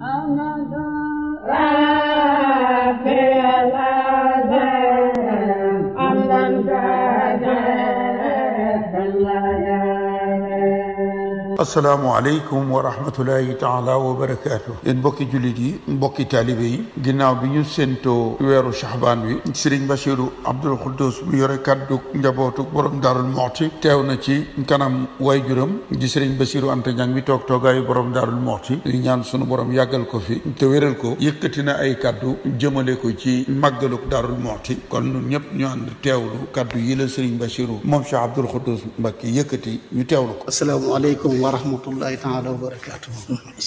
Another asalaamualeykum wa rahmatulahi taala wa barakaatu yéen mbokki jullit yi mbokki taalibe yi ginnaaw bi ñu séentoo weeru Shahbaan wi Sëriñ Bachiru Abdul Xuddus mu yore kàddu njabootu borom Daarul Moxti teew na ci kanam waaye juróom di Sëriñ Bachiru Anta Ñang mi toog toogaayu borom Daarul Moxti di ñaan sunu borom yàggal ko fi te wéral ko yëkkati na ay kàddu jëmale ko ci màggaluk Daarul Moxti kon ñun ñëpp ñu ànd teewlu kàddu yi la Sëriñ Bachiru moom Cheikh Abdul Xuddus yëkkati ñu teewlu ko asalaamaaleykum rahmatullahi taala wa barakaatu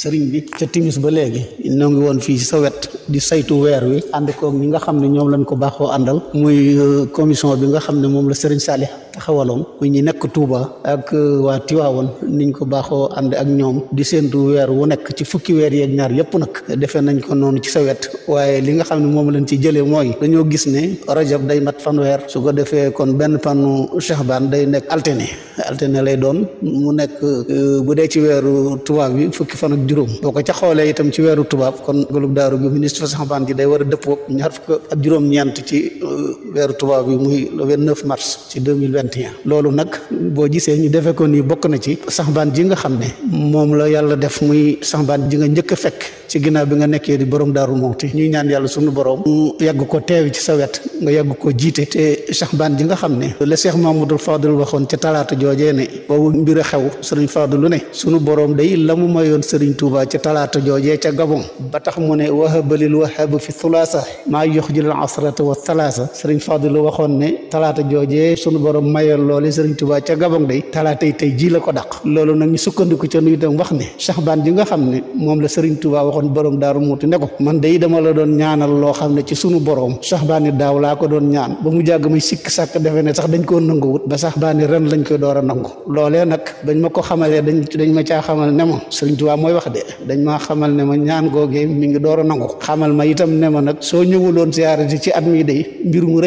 sëriñ bi ca timis ba léegi noo woon fii sa wet di saytu weer wi ànd koog ñi nga xam ne ñoom lañ ko baaxoo àndal muy euh, commission bi nga xam ne moom la sëriñ Saalih taxawaloon ku ñi nekk Touba ak uh, waa Tiwaawoon niñ ko baaxoo ànd ak ñoom di séentu weer wu nekk ci fukki weer yeeg ñaar yëpp nag defee nañ ko noonu ci sa wet waaye li nga xam ne moom lañ ci jëlee mooy dañoo gis ne rajab day mat weer su ko defee kon benn panu Shahban day nekk alterné alterné lay doon mu nekk uh, bu dee ci weeru tubaab bi fukki fan ak juróom boo ko ca xoolee itam ci weeru tubaab kon golub daa gi ministre Shahban ji day war a dëppoo ñaar fukk ak juróom bi uh, muy le 29 mars 2021 loolu nag boo gisee ñu defee ko nii bokk na ci sax saxbaan ji nga xam ne moom la yàlla def muy sax saxbaan ji nga njëkk a fekk ci ginnaaw bi nga nekkee di borom daaru mawti ñuy ñaan yàlla sunu borom mu yàgg ko teew ci sa wet nga yàgg koo jiite te Chahbaan ji nga xam ne la Cheikh Mamadou Fadal waxoon ca talaata joojee ne boobu a xew sëriñ Fadalu ne sunu borom day la mu mayoon sëriñ Touba ca talaata joojee ca Gabon ba tax mu ne wahabalil wahab fi thulaasa maa yuxjil asrata wa thalaasa sëriñ Fadalu waxoon ne talaata joojee sunu borom mayoon loole sëriñ Touba ca Gabon day talaata yi tey ji la ko daq loolu nag ñu sukkandiku ca nuy dem wax ne Chahbaan ji nga xam moom la sëriñ Touba waxoon borom Daaru ne ko man day dama la doon ñaanal loo xam ne ci sunu borom Chahbaan daaw la laa ko doon ñaan ba mu jàgg muy sikk sàkk defe ne sax dañ koo nanguwut ba sax daani ren lañ koy door a nangu loolee nag bañ ma ma caa ma Sëriñ Tuubaa mooy wax de dañ maa ma ñaan googee mi ngi door a nangu xamal ma itam ma nag soo ñëwuloon siyaare ji ci at mi day mbir mu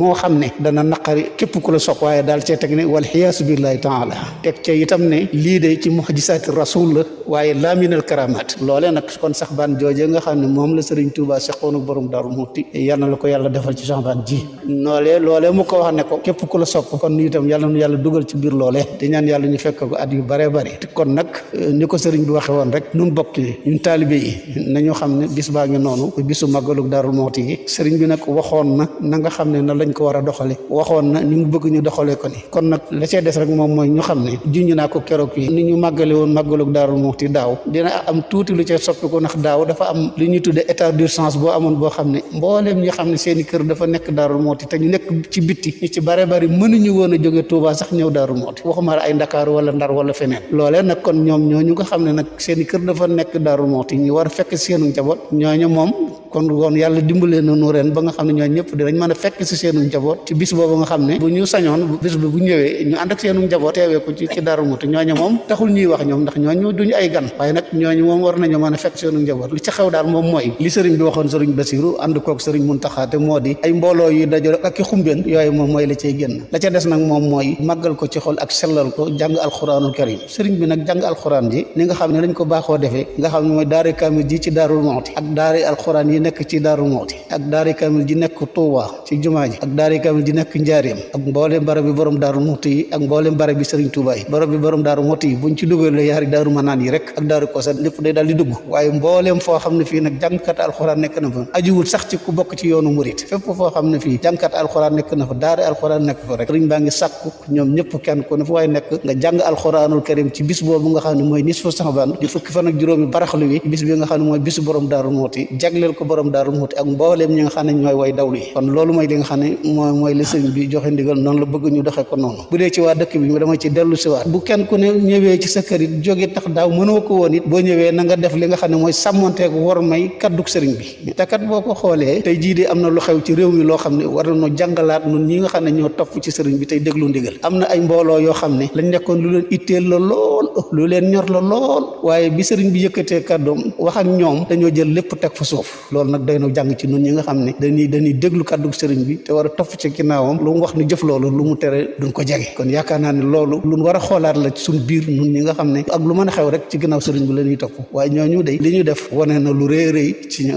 moo xam ne dana naqari képp ku la soog waaye daal cee teg ne wal xiyaasu billaahi taala teg ca itam ne lii day ci muxjisaati rasul la waaye laaminal karamaat loolee nag kon sax baan jooje nga xam ne moom la Sëriñ Tuubaa seqoonu borom Daaru Muxti yal na la ko yàlla yàlla defal ci Jean Van ji noolee loolee mu ko wax ne ko képp ku la sopp kon nu itam yàlla nu yàlla dugal ci biir loolee te ñaan yàlla ñu fekk ko at yu bare bare kon nag eh, ni ko sëriñ bi waxe woon rek nun bokk yi na na a doxale ni mu bëgg ñu doxalee ko ni kon nag la cee des rek moom mooy ñu xam ne junj naa ko keroog yi ni ñu màggale woon màggalug Daarul Muxti daaw dina am tuuti lu cee soppiku ndax daaw dafa am li ñuy tudde état d'urgence boo amoon boo xam ne mbooleem ñi xam ne seeni kër dafa nekk Daaru Mooti te ñu nekk ci bitti ñu ci bare bari mënuñu woon a jóge Touba sax ñëw Daaru Mooti waxuma la ay Ndakaaru wala Ndar wala feneen loolee nag kon ñoom ñooñu nga xam ne nag seeni kër dafa nekk Daaru Mooti ñu war fekk seenu njaboot ñooñu moom kon woon yàlla dimbalee na nu ren ba nga xam ne ñooñu ñëpp dinañ mën a fekk si seenu njaboot ci bis boobu nga xam ne bu ñu sañoon bis bi bu ñëwee ñu ànd ak seenu njaboot teewee ko ci ci Darou Moukhty ñooñu moom taxul ñuy a fekk seenu moom mooy li sëriñ bi waxoon sëriñ Basiru ànd koog sëriñ Muntaxa te moo di ay mbooloo yu dajale ak i xumbeen yooyu moom mooy la cay génn la ca des nag moom mooy màggal ko ci xol ak sellal ko jàng alxuraanul karim sëriñ bi nag jàng alxuraan ji ni nga xam ne dañ ko baaxoo defee nga xam ne mooy daare ji nekk ci daaru mooti ak daari kamil ji nekk tuuba ci jumaa ji ak daari kamil ji nekk njaareem ak mbooleem barab bi borom daaru mooti yi ak mbooleem barab bi sëriñ tuuba yi barab bi borom daaru mooti yi buñ ci dugalee yaari daaru manaan yi rek ak daaru kosa borom daaru mooti jagleel ko borom daaru muxti ak mbooleem ñi nga xam ne ñooy way dawlu yi kon loolu mooy li nga xam ne mooy mooy li sëriñ bi joxe ndigal noonu la bëgg ñu doxee ko noonu bu dee ci waa dëkk bi dama ci dellu si waat bu kenn ku ne ñëwee ci sa kër it jóge tax ko woon it boo ñëwee na nga def li nga xam ne mooy sàmmanteeg war may kaddug sëriñ bi te kat boo ko xoolee tey jii de am na lu xew ci réew mi loo xam ne war na noo jàngalaat nun ñi nga xam ne ñoo topp ci sëriñ bi tey déglu ndigal am na ay mbooloo yoo xam ne lañ nekkoon lu leen itteel la lool lu leen ñor la lool waaye bi sëriñ bi yëkkatee kàddoom wax ak ñoom dañoo jël lépp teg fa suuf loolu nag doy na jàng ci ñun ñi nga xam ne dañuy dañuy déglu kàddu sëriñ bi te war a topp ci ginnaawam lu mu wax ni jëf lu mu tere duñ kon yaakaar naa ne loolu lu war a xoolaat la suñ biir ñi nga xam ne ak lu mën a xew rek ci ginnaaw sëriñ bi la ñuy topp waaye ñooñu day li ñu def wane na lu rëy rëy ci ne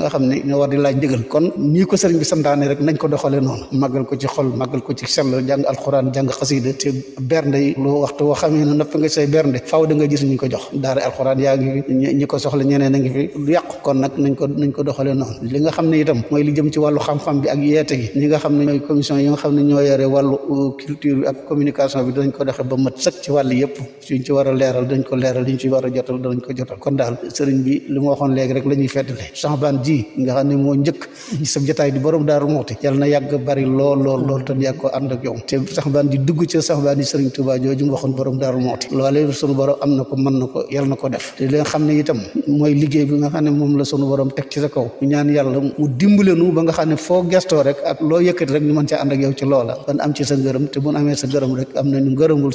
ñoo war di laaj ndigal kon ñii ko sëriñ bi santaane rek nañ ko doxale noonu màggal ko ci xol màggal ko ci sell jàng alxuraan jàng xasida te bernde yi lu waxtu woo xamee ne noppi nga say bernde faaw da gis ñu ko jox daara alxuraan yaa ngi ñi ko soxla ñeneen a ngi fi yàqu kon nag nañ ko nañ ko doxale noonu li nga xam ne itam mooy li jëm ci wàllu xam-xam bi ak yeete gi ñi nga xam ne ñooy commission yi nga xam ne ñoo yore wàllu uh, culture bi ak communication bi dañ ko doxe ba mat sëkk ci wàll yëpp suñ ci war leeral dañ ko war a jotal dañ ko jotal kon daal sëriñ bi li ma waxoon léegi rek la ñuy feddale Sahbaan ji nga xam ne moo njëkk ci jotaay di borom Daaru Muxti yàlla na yàgg bari lool lool lool te yàgg ko ànd ak yow te Sahbaan ji dugg ci Sahbaan yi sëriñ Tuubaa jooju waxoon borom Daaru Muxti loolee sunu borom am na ko mën na ko yàlla na ko def te li nga xam ne itam mooy liggéey bi nga xam ne moom la sunu borom teg ci sa kaw ñaan yàlla mu dimbale nu ba nga xam ne foo gestoo rek ak loo yëkkati rek ñu mën cee ànd ak yow ci loola ban am ci sa ngërëm te buñ amee sa ngërëm rek am nañu ngërëmul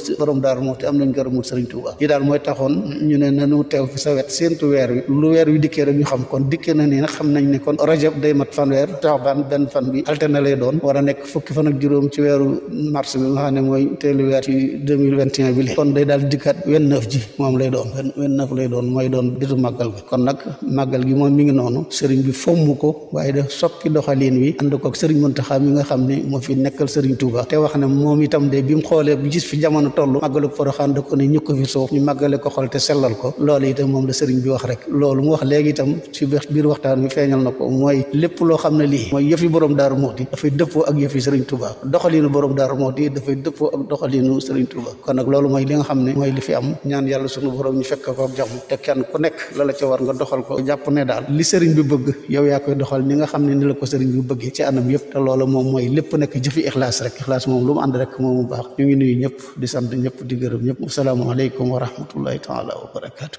ngërëmul sëriñ Tuuba yi daal mooy taxoon ne kon na ne xam nañ ne kon rajab day a ak juróom ci weeru mars bi nga xam ne mooy teelu weer ci 2021 bi li kon day daal dikkaat vingt-neuf ji moom lay doon vingt-neuf lay doon mooy doon bisu màggal kon nag màggal gi moom mi ngi noonu sëriñ bi fomm ko waaye da soppi doxaliin wi ànd ko ak sëriñ Muntaxa xam ne la sëriñ bi wax rek loolu mu wax léegi itam ci biir waxtaan na ko mooy lépp loo xam ne lii mooy yëfi borom Daaru Muxti dafay dëppoo ak yëfi sëriñ Touba doxaliinu borom Daaru Muxti dafay dëppoo ak doxaliinu li nga xam ne mooy li fi am ñaan yàlla sunu borom ñu fekk ko ak jàmm te kenn ku nekk la ca war nga doxal ko jàpp ne daal li sëriñ bi bëgg yow yaa koy doxal ni nga xam ne ni la ko sëriñ bi bëggee ci anam yëpp te loolu moom mooy lépp nekk jëfi ixlaas rek ixlaas moom lu mu ànd rek moom mu baax ñu ngi nuyu ñëpp di sant ñëpp di gërëm ñëpp asalaamaaleykum wa rahmatullahi taala wa barakaatu.